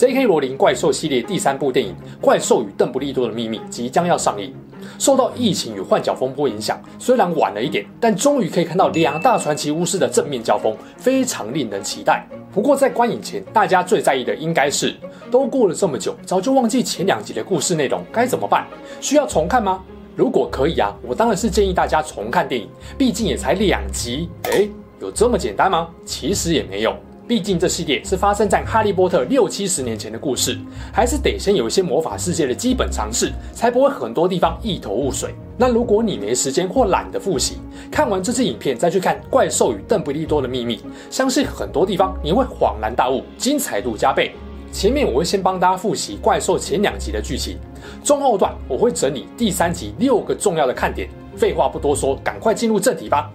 J.K. 羅琳怪獸系列第三部電影《怪獸與鄧不利多的秘密》即將要上映。受到疫情與換角風波影響，雖然晚了一點，但終於可以看到兩大傳奇巫師的正面交鋒，非常令人期待。不過在觀影前，大家最在意的應該是：都過了這麼久，早就忘記前兩集的故事內容，該怎麼辦？需要重看嗎？如果可以啊，我當然是建議大家重看電影，畢竟也才兩集。欸，有這麼簡單嗎？其實也沒有。畢竟這系列是發生在哈利波特六七十年前的故事，還是得先有一些魔法世界的基本常識，才不會很多地方一頭霧水。那如果你沒時間或懶得複習，看完這支影片再去看《怪獸與鄧不利多的秘密》，相信很多地方你會恍然大悟，精彩度加倍。前面我會先幫大家複習怪獸前兩集的劇情，中後段我會整理第三集六個重要的看點。廢話不多說，趕快進入正題吧。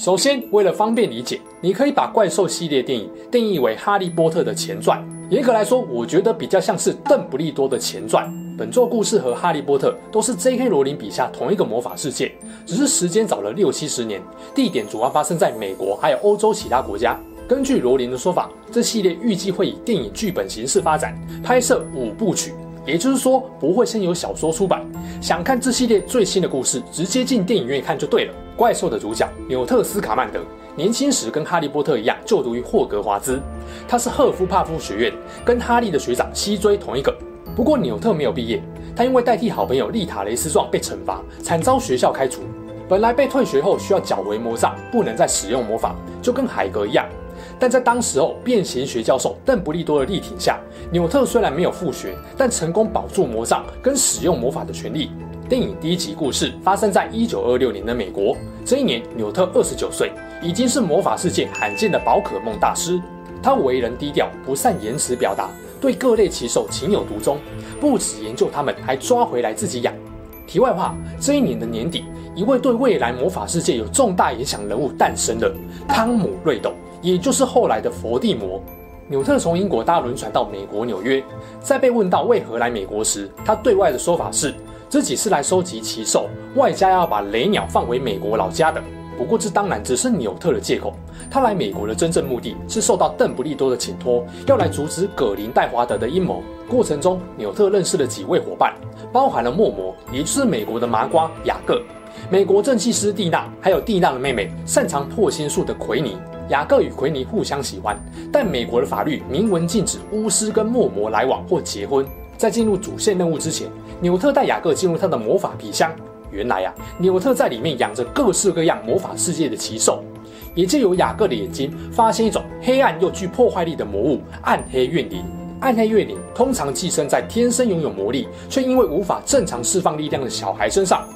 首先，為了方便理解，你可以把怪獸系列電影定義為《哈利波特》的前傳。嚴格來說，我覺得比較像是鄧不利多的前傳。本作故事和《哈利波特》都是 J.K. 羅琳筆下同一個魔法世界，只是時間早了六七十年，地點主要發生在美國還有歐洲其他國家。根據羅琳的說法，這系列預計會以電影劇本形式發展，拍攝五部曲。也就是說，不會先有小說出版。想看這系列最新的故事，直接進電影院看就對了。怪獸的主角紐特斯卡曼德，年輕時跟哈利波特一樣就讀於霍格華茲，他是赫夫帕夫學院，跟哈利的學長西追同一個。不過紐特沒有畢業，他因為代替好朋友麗塔雷斯壯被懲罰，慘遭學校開除。本來被退學後需要繳回魔杖，不能再使用魔法，就跟海格一樣。但在當時候，變形學教授鄧布利多的力挺下，紐特雖然沒有復學，但成功保住魔杖跟使用魔法的權利。電影第一集故事發生在一九二六年的美國，這一年紐特二十九歲，已經是魔法世界罕見的寶可夢大師。他為人低調，不善言辭表達，對各類奇獸情有獨鍾，不止研究他們，還抓回來自己養。題外話，這一年的年底，一位對未來魔法世界有重大影響人物誕生了——湯姆·瑞斗。也就是後來的佛地魔，紐特從英國搭輪船到美國紐約。在被問到為何來美國時，他對外的說法是自己是來收集奇獸，外加要把雷鳥放回美國老家的。不過這當然只是紐特的借口，他來美國的真正目的是受到鄧不利多的請託，要來阻止葛林戴華德的陰謀。過程中，紐特認識了幾位夥伴，包含了莫魔，也就是美國的麻瓜雅各，美國正氣師蒂娜，還有蒂娜的妹妹，擅長破心術的奎妮。雅各與奎尼互相喜歡，但美國的法律明文禁止巫師跟莫魔來往或結婚。在進入主線任務之前，紐特帶雅各進入他的魔法皮箱。原來呀、啊，紐特在裡面養着各式各樣魔法世界的奇獸。也藉由雅各的眼睛，發現一種黑暗又具破壞力的魔物——闇黑怨靈。闇黑怨靈通常寄生在天生擁有魔力，卻因為無法正常釋放力量的小孩身上，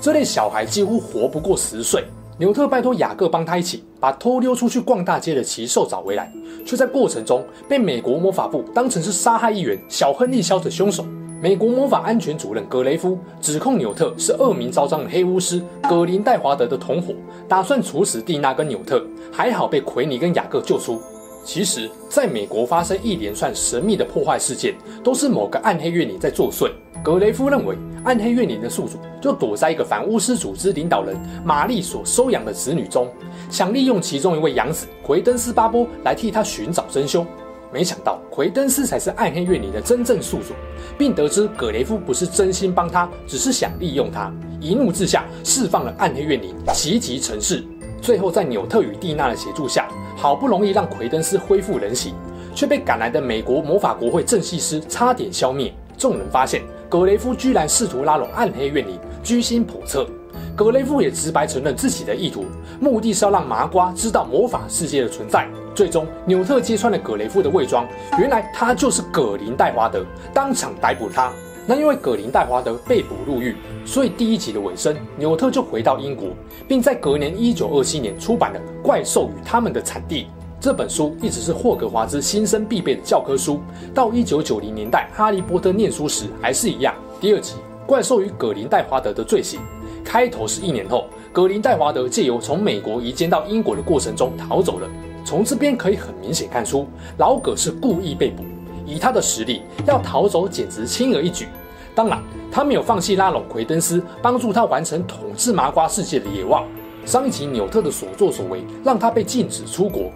這類小孩幾乎活不過十歲。紐特拜托雅各幫他一起把偷溜出去逛大街的奇獸找回來，卻在過程中被美國魔法部當成是殺害議員小亨利肖的凶手。美國魔法安全主任格雷夫指控紐特是惡名昭彰的黑巫師葛林戴華德的同夥，打算處死蒂娜跟紐特，還好被奎尼跟雅各救出。其實，在美國發生一連串神秘的破壞事件，都是某個暗黑怨靈在作祟。葛雷夫認為，暗黑怨靈的宿主就躲在一個反巫師組織領導人瑪麗所收養的子女中，想利用其中一位養子奎登斯巴波來替他尋找真凶。沒想到，奎登斯才是暗黑怨靈的真正宿主，並得知葛雷夫不是真心幫他，只是想利用他。一怒之下，釋放了暗黑怨靈，襲擊城市。最後，在紐特與蒂娜的協助下，好不容易讓魁登斯恢復人形，卻被趕來的美國魔法國會正氣師差點消滅。眾人發現，葛雷夫居然試圖拉攏闇黑怨靈，居心叵測。葛雷夫也直白承認自己的意圖，目的是要讓麻瓜知道魔法世界的存在。最終，紐特揭穿了葛雷夫的偽裝，原來他就是葛林戴華德，當場逮捕他。那因為葛林戴華德被捕入獄。所以第一集的尾聲，紐特就回到英國，並在隔年一九二七年出版了《怪獸與他們的產地》這本書，一直是霍格華茲新生必備的教科書。到一九九零年代，哈利波特念書時還是一樣。第二集《怪獸與葛林戴華德的罪行》開頭是一年後，葛林戴華德借由從美國移監到英國的過程中逃走了。從這邊可以很明顯看出，老葛是故意被捕，以他的實力要逃走簡直輕而易舉。當然，他沒有放棄拉攏魁登斯，幫助他完成統治麻瓜世界的野望。上一集紐特的所作所為，讓他被禁止出國。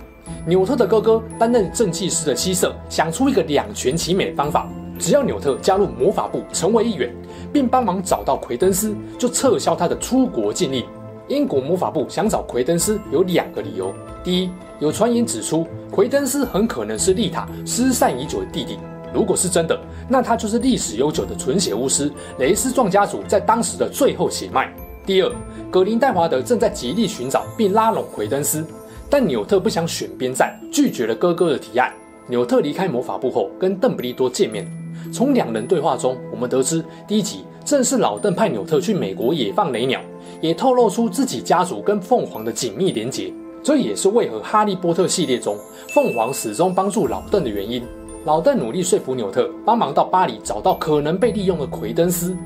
紐特的哥哥擔任正氣師的西瑟想出一個兩全其美的方法：只要紐特加入魔法部成為一員，並幫忙找到魁登斯，就撤銷他的出國禁令。英國魔法部想找魁登斯有兩個理由：第一，有傳言指出魁登斯很可能是麗塔失散已久的弟弟。如果是真的，那他就是歷史悠久的純血巫師雷斯壯家族在當時的最後血脈。第二，葛林戴華德正在極力尋找並拉攏魁登斯，但紐特不想選邊站，拒絕了哥哥的提案。紐特離開魔法部後，跟鄧不利多見面。從兩人對話中，我們得知第一集正是老鄧派紐特去美國野放雷鳥，也透露出自己家族跟鳳凰的緊密連結。這也是為何《哈利波特》系列中鳳凰始終幫助老鄧的原因。老鄧努力說服紐特幫忙到巴黎找到可能被利用的奎登斯。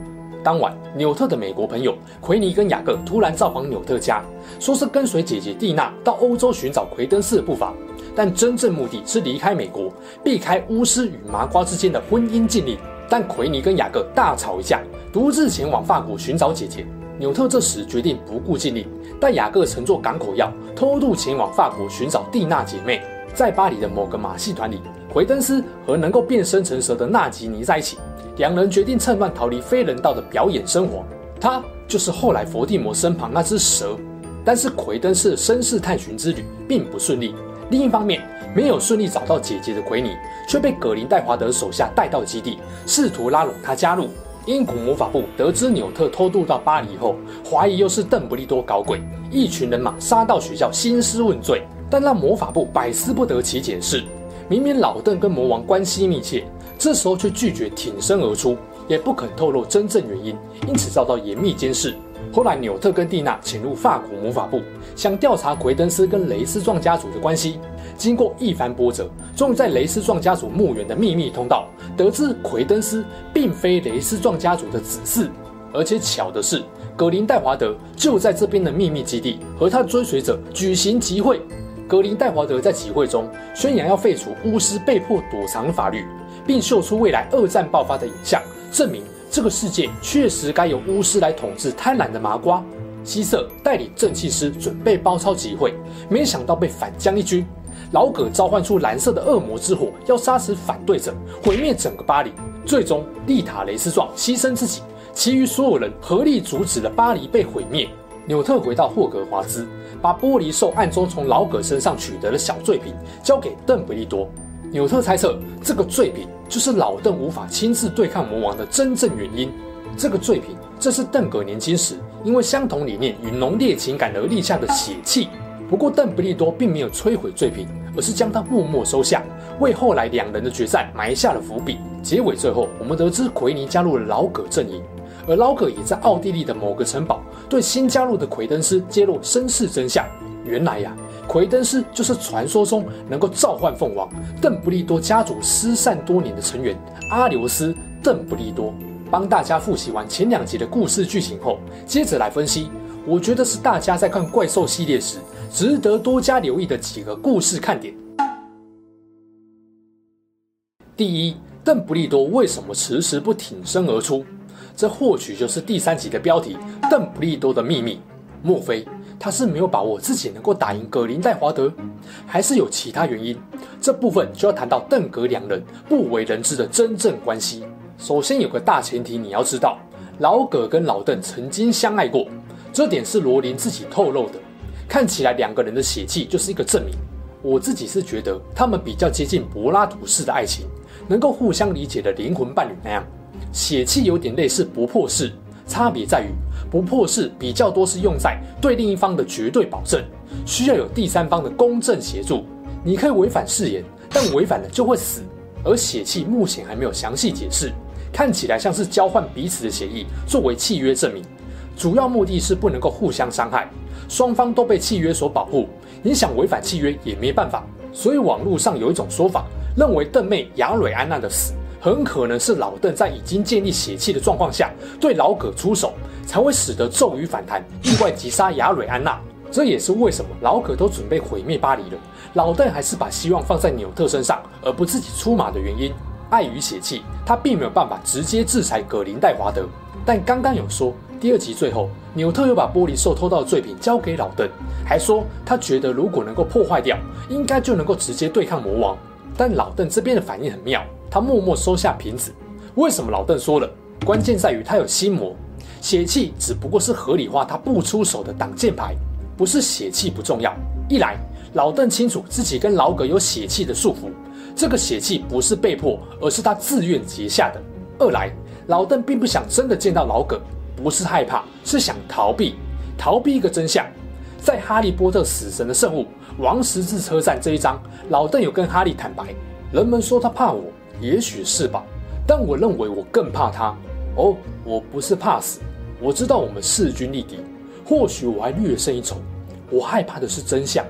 當晚，紐特的美國朋友奎尼跟雅各突然造訪紐特家，說是跟隨姐姐蒂娜到歐洲尋找奎登斯的步伐，但真正目的是離開美國，避開巫師與麻瓜之間的婚姻禁令。但奎尼跟雅各大吵一架，獨自前往法國尋找姐姐。紐特這時決定不顧禁令，帶雅各乘坐港口鑰偷渡前往法國尋找蒂娜姐妹。在巴黎的某個馬戲團裡，魁登斯和能夠變身成蛇的納吉尼在一起，兩人決定趁亂逃離非人道的表演生活。他就是後來佛地魔身旁那只蛇。但是魁登斯的身世探尋之旅並不順利。另一方面，沒有順利找到姐姐的奎尼，卻被葛林戴華德手下帶到基地，試圖拉攏他加入。英國魔法部得知紐特偷渡到巴黎後，懷疑又是鄧不利多搞鬼，一群人馬殺到學校興師問罪，但讓魔法部百思不得其解的是。明明老鄧跟魔王關係密切，這時候卻拒絕挺身而出，也不肯透露真正原因，因此遭到嚴密監視。後來紐特跟蒂娜潛入法國魔法部，想調查魁登斯跟雷斯壯家族的關係。經過一番波折，終於在雷斯壯家族墓園的秘密通道，得知魁登斯並非雷斯壯家族的子嗣。而且巧的是，葛林戴華德就在這邊的秘密基地，和他的追隨者舉行集會。格林戴華德在集會中宣揚要廢除巫師被迫躲藏的法律，並秀出未來二戰爆發的影像，證明這個世界確實該由巫師來統治。貪婪的麻瓜西瑟帶領正氣師準備包抄集會，沒想到被反將一軍。老葛召喚出藍色的惡魔之火，要殺死反對者，毀滅整個巴黎。最終，麗塔雷斯壯犧牲自己，其餘所有人合力阻止了巴黎被毀滅。紐特回到霍格華茲，把玻璃獸暗中從老葛身上取得的小罪品交給鄧不利多。紐特猜測，這個罪品就是老鄧無法親自對抗魔王的真正原因。這個罪品正是鄧葛年輕時因為相同理念與濃烈情感而立下的血契。不過，鄧不利多並沒有摧毀罪品，而是將它默默收下，為後來兩人的決戰埋下了伏筆。結尾最後，我們得知奎妮加入了老葛陣營，而老葛也在奧地利的某個城堡，對新加入的奎登斯，揭露身世真相。原來呀、啊，奎登斯就是傳說中能夠召喚鳳凰，鄧布利多家族失散多年的成員阿留斯·鄧布利多。幫大家復習完前兩集的故事劇情後，接着來分析，我覺得是大家在看怪獸系列時值得多加留意的幾個故事看點。第一，鄧布利多為什麼遲遲不挺身而出？這或許就是第三集的標題《鄧不利多的秘密》。莫非他是沒有把握自己能夠打贏葛林戴華德，還是有其他原因？這部分就要談到鄧葛兩人不為人知的真正關係。首先有個大前提你要知道，老葛跟老鄧曾經相愛過，這點是羅琳自己透露的。看起來兩個人的血契就是一個證明。我自己是覺得他們比較接近柏拉圖式的愛情，能夠互相理解的靈魂伴侶那樣。血契有點類似不破誓，差別在於不破誓比較多是用在對另一方的絕對保證，需要有第三方的公證協助。你可以違反誓言，但違反了就會死。而血契目前還沒有詳細解釋，看起來像是交換彼此的協議作為契約證明，主要目的是不能夠互相傷害，雙方都被契約所保護，你想違反契約也沒辦法。所以網絡上有一種說法，認為鄧妹亞蕊安娜的死。很可能是老鄧在已經建立血氣的狀況下對老葛出手，才會使得咒語反彈，意外擊殺亞蕊安娜。這也是為什麼老葛都準備毀滅巴黎了，老鄧還是把希望放在紐特身上，而不自己出馬的原因。礙於血氣，他並沒有辦法直接制裁葛林戴華德。但剛剛有說，第二集最後紐特又把玻璃獸偷到的罪品交給老鄧，還說他覺得如果能夠破壞掉，應該就能夠直接對抗魔王。但老鄧這邊的反應很妙。他默默收下瓶子。為什麼老鄧說了？關鍵在於他有心魔，血契只不過是合理化他不出手的擋箭牌。不是血契不重要。一來，老鄧清楚自己跟老葛有血契的束縛，這個血契不是被迫，而是他自願結下的。二來，老鄧並不想真的見到老葛，不是害怕，是想逃避，逃避一個真相。在《哈利波特：死神的聖物》王十字車站這一章，老鄧有跟哈利坦白，人們說他怕我。也許是吧，但我認為我更怕他。哦，我不是怕死，我知道我們勢均力敵，或許我還略勝一籌。我害怕的是真相，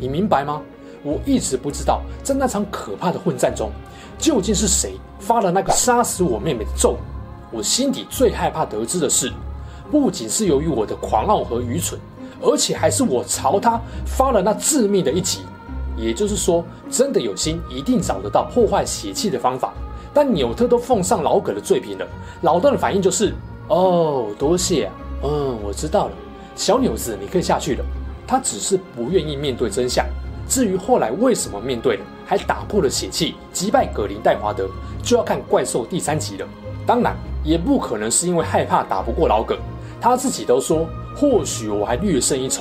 你明白嗎？我一直不知道，在那場可怕的混戰中，究竟是誰發了那個殺死我妹妹的咒語。我心底最害怕得知的是，不僅是由於我的狂傲和愚蠢，而且還是我朝他發了那致命的一擊。也就是說，真的有心，一定找得到破壞血氣的方法。但紐特都奉上老葛的罪名了，老鄧的反應就是：哦，多謝、啊，嗯、哦，我知道了，小紐子你可以下去了。他只是不願意面對真相。至於後來為什麼面對了，還打破了血氣，擊敗葛林戴華德，就要看怪獸第三集了。當然，也不可能是因為害怕打不過老葛，他自己都說：或許我還略勝一籌。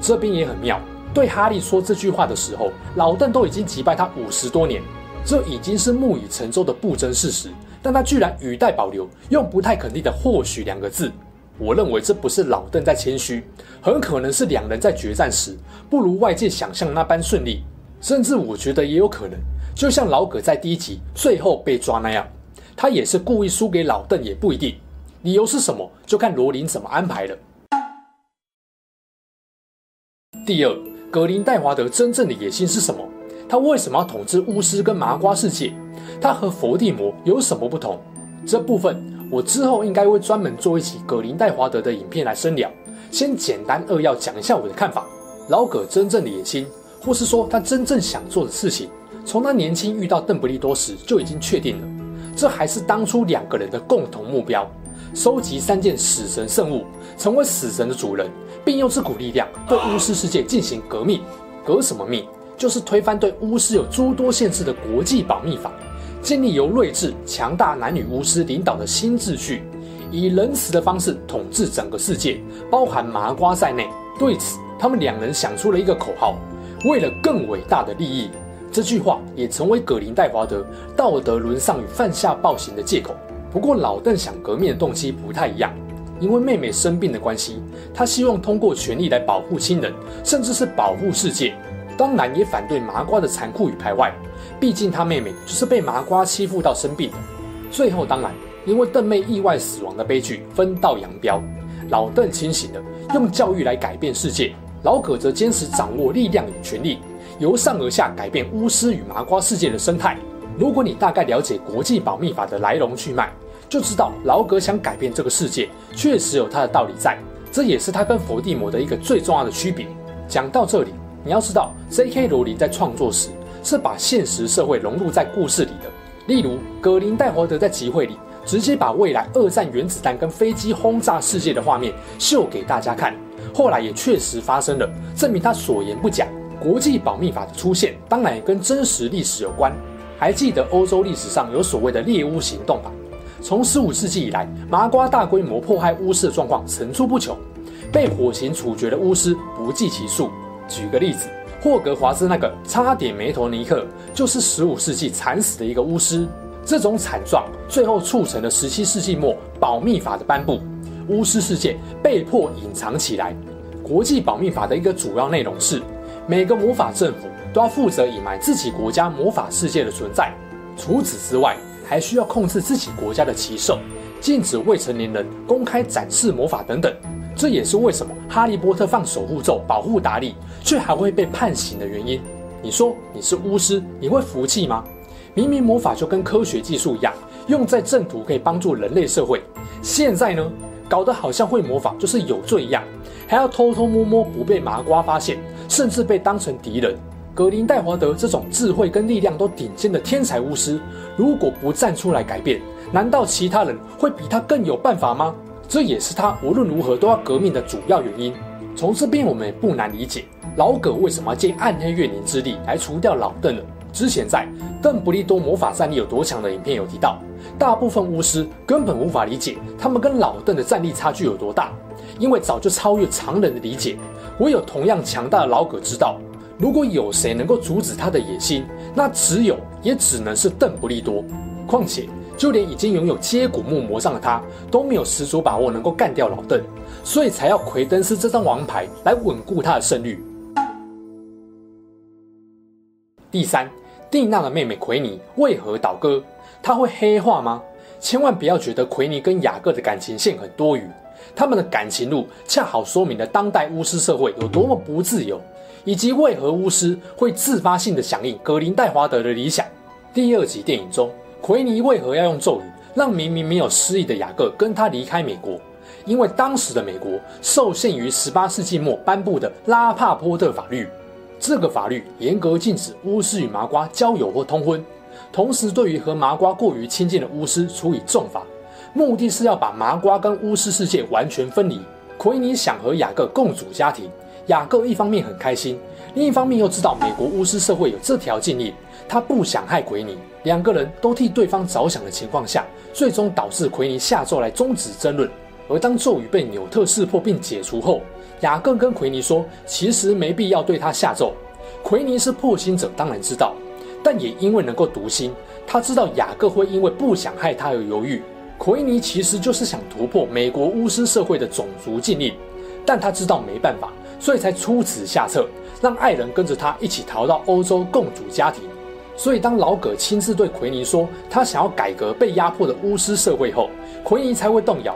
這邊也很妙。對哈利說這句話的時候，老鄧都已經擊敗他五十多年，這已經是木已成舟的不爭事實。但他居然語帶保留，用不太肯定的“或許”兩個字，我認為這不是老鄧在謙虛，很可能是兩人在決戰時不如外界想象那般順利，甚至我覺得也有可能，就像老葛在第一集最後被抓那樣，他也是故意輸給老鄧也不一定。理由是什麼，就看羅琳怎麼安排了。第二。葛林戴華德真正的野心是什麼？他為什麼要統治巫師跟麻瓜世界？他和佛地魔有什麼不同？這部分我之後應該會專門做一期葛林戴華德的影片來深聊。先簡單扼要講一下我的看法：老葛真正的野心，或是說他真正想做的事情，從他年輕遇到鄧不利多時就已經確定了。這還是當初兩個人的共同目標。收集三件死神聖物，成為死神的主人，並用這股力量對巫師世界進行革命。革什麼命？就是推翻對巫師有諸多限制的國際保密法，建立由睿智、強大男女巫師領導的新秩序，以仁慈的方式統治整個世界，包含麻瓜在內。對此，他們兩人想出了一個口號：“為了更偉大的利益。”這句話也成為葛林戴華德道德淪喪與犯下暴行的借口。不過老鄧想革命的動機不太一樣，因為妹妹生病的關係，他希望通過權力來保護親人，甚至是保護世界。當然也反對麻瓜的殘酷與排外，畢竟他妹妹就是被麻瓜欺負到生病的。最後當然因為鄧妹意外死亡的悲劇分道揚鑣，老鄧清醒了，用教育來改變世界；老葛則堅持掌握力量與權力，由上而下改變巫師與麻瓜世界的生態。如果你大概了解國際保密法的來龍去脈，就知道老葛想改變這個世界，確實有他的道理在。這也是他跟佛地魔的一個最重要的區別。講到這裡，你要知道，J.K. 羅琳在創作時是把現實社會融入在故事裡的。例如，葛林戴華德在集會裡直接把未來二戰原子彈跟飛機轟炸世界的畫面秀給大家看，後來也確實發生了，證明他所言不假。國際保密法的出現，當然也跟真實歷史有關。還記得歐洲歷史上有所謂的獵巫行動吧？從15世紀以來，麻瓜大規模迫害巫師的狀況層出不窮，被火刑處決的巫師不計其數。舉個例子，霍格華茲那個差點沒頭尼克，就是15世紀慘死的一個巫師。這種慘狀最後促成了17世紀末保密法的頒布，巫師世界被迫隱藏起來。國際保密法的一個主要內容是，每個魔法政府要負責隱瞞自己國家魔法世界的存在，除此之外，還需要控制自己國家的奇獸，禁止未成年人公開展示魔法等等。這也是為什麼哈利波特放守護咒保護達力，卻還會被判刑的原因。你說你是巫師，你會服氣嗎？明明魔法就跟科學技術一樣，用在正途可以幫助人類社會，現在呢，搞得好像會魔法就是有罪一樣，還要偷偷摸摸不被麻瓜發現，甚至被當成敵人。葛林戴華德這種智慧跟力量都頂尖的天才巫師，如果不站出來改變，難道其他人會比他更有辦法嗎？這也是他無論如何都要革命的主要原因。從這邊我們也不難理解老葛為什麼要借闇黑怨靈之力來除掉老鄧了。之前在鄧不利多魔法戰力有多強的影片有提到，大部分巫師根本無法理解他們跟老鄧的戰力差距有多大，因為早就超越常人的理解。唯有同樣強大的老葛知道。如果有誰能夠阻止他的野心，那只有也只能是鄧不利多。況且，就連已經擁有接骨木魔杖的他，都沒有十足把握能夠幹掉老鄧，所以才要魁登斯這張王牌來穩固他的勝率。第三，蒂娜的妹妹奎妮為何倒戈？她會黑化嗎？千萬不要覺得奎妮跟雅各的感情線很多餘。他們的感情路恰好說明了當代巫師社會有多麼不自由，以及為何巫師會自發性的響應葛林戴華德的理想。第二集電影中，奎妮為何要用咒語讓明明沒有失憶的雅各跟他離開美國？因為當時的美國受限於18世紀末頒布的拉帕波特法律，這個法律嚴格禁止巫師與麻瓜交友或通婚，同時對於和麻瓜過於親近的巫師處以重罰。目的是要把麻瓜跟巫師世界完全分離。奎尼想和雅各共組家庭，雅各一方面很開心，另一方面又知道美國巫師社會有這條禁令，他不想害奎尼。兩個人都替對方着想的情況下，最終導致奎尼下咒來終止爭論。而當咒語被紐特識破並解除後，雅各跟奎尼說，其實沒必要對他下咒。奎尼是破心者，當然知道，但也因為能夠讀心，他知道雅各會因為不想害他而猶豫。奎妮其實就是想突破美國巫師社會的種族禁令，但他知道沒辦法，所以才出此下策，讓愛人跟着他一起逃到歐洲共組家庭。所以，當老葛親自對奎妮說他想要改革被壓迫的巫師社會後，奎妮才會動搖。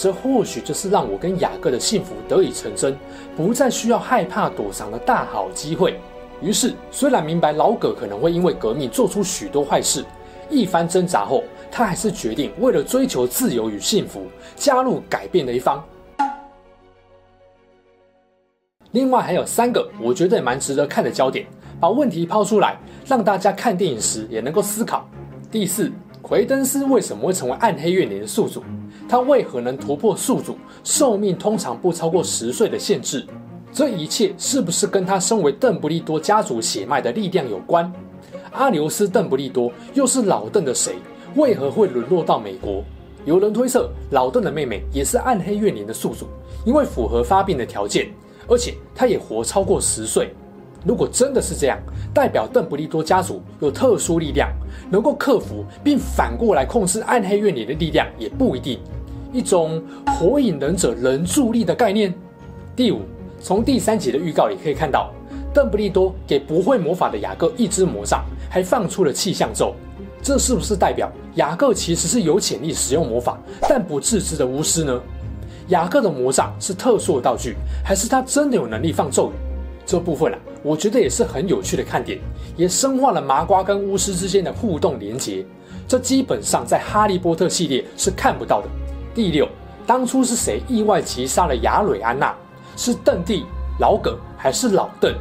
這或許就是讓我跟雅各的幸福得以成真，不再需要害怕躲藏的大好機會。於是，雖然明白老葛可能會因為革命做出許多壞事，一番掙扎後，他還是決定，為了追求自由與幸福，加入改變的一方。另外還有三個我覺得蠻值得看的焦點，把問題拋出來，讓大家看電影時也能夠思考。第四，魁登斯為什麼會成為闇黑怨靈的宿主？他為何能突破宿主壽命通常不超過十歲的限制？這一切是不是跟他身為鄧不利多家族血脈的力量有關？阿牛斯·鄧不利多又是老鄧的誰？為何會淪落到美國？有人推測，老鄧的妹妹也是暗黑怨靈的宿主，因為符合發病的條件，而且她也活超過十歲。如果真的是這樣，代表鄧布利多家族有特殊力量，能夠克服並反過來控制暗黑怨靈的力量也不一定，一種火影忍者人柱力的概念。第五，從第三集的預告裡可以看到，鄧布利多給不會魔法的雅各一支魔杖，還放出了氣象咒。這是不是代表雅各其實是有潛力使用魔法，但不自知的巫師呢？雅各的魔杖是特殊的道具，還是他真的有能力放咒語？這部分啊，我覺得也是很有趣的看點，也深化了麻瓜跟巫師之間的互動連接。這基本上在哈利波特系列是看不到的。第六，當初是誰意外擊殺了亞蕊安娜？是鄧蒂、老葛還是老鄧？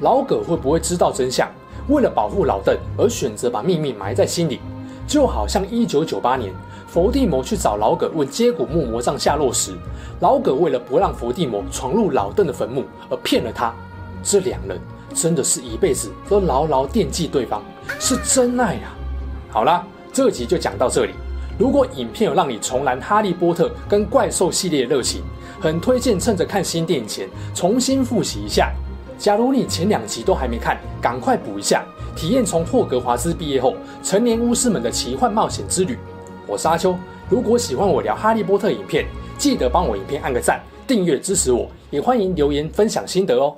老葛會不會知道真相？為了保護老鄧而選擇把秘密埋在心裡，就好像一九九八年佛地魔去找老葛問接骨木魔杖下落時，老葛為了不讓佛地魔闖入老鄧的墳墓而騙了他。這兩人真的是一輩子都牢牢惦，惦記對方，是真愛啊！好啦，這集就講到這裡。如果影片有讓你重燃哈利波特跟怪獸系列熱情，很推薦趁着看新電影前重新復習一下。假如你前兩集都還沒看，趕快補一下，體驗從霍格華茲畢業後成年巫師們的奇幻冒險之旅。我是阿秋，如果喜歡我聊哈利波特影片，記得幫我影片按個讚，訂閱支持我，也歡迎留言分享心得哦。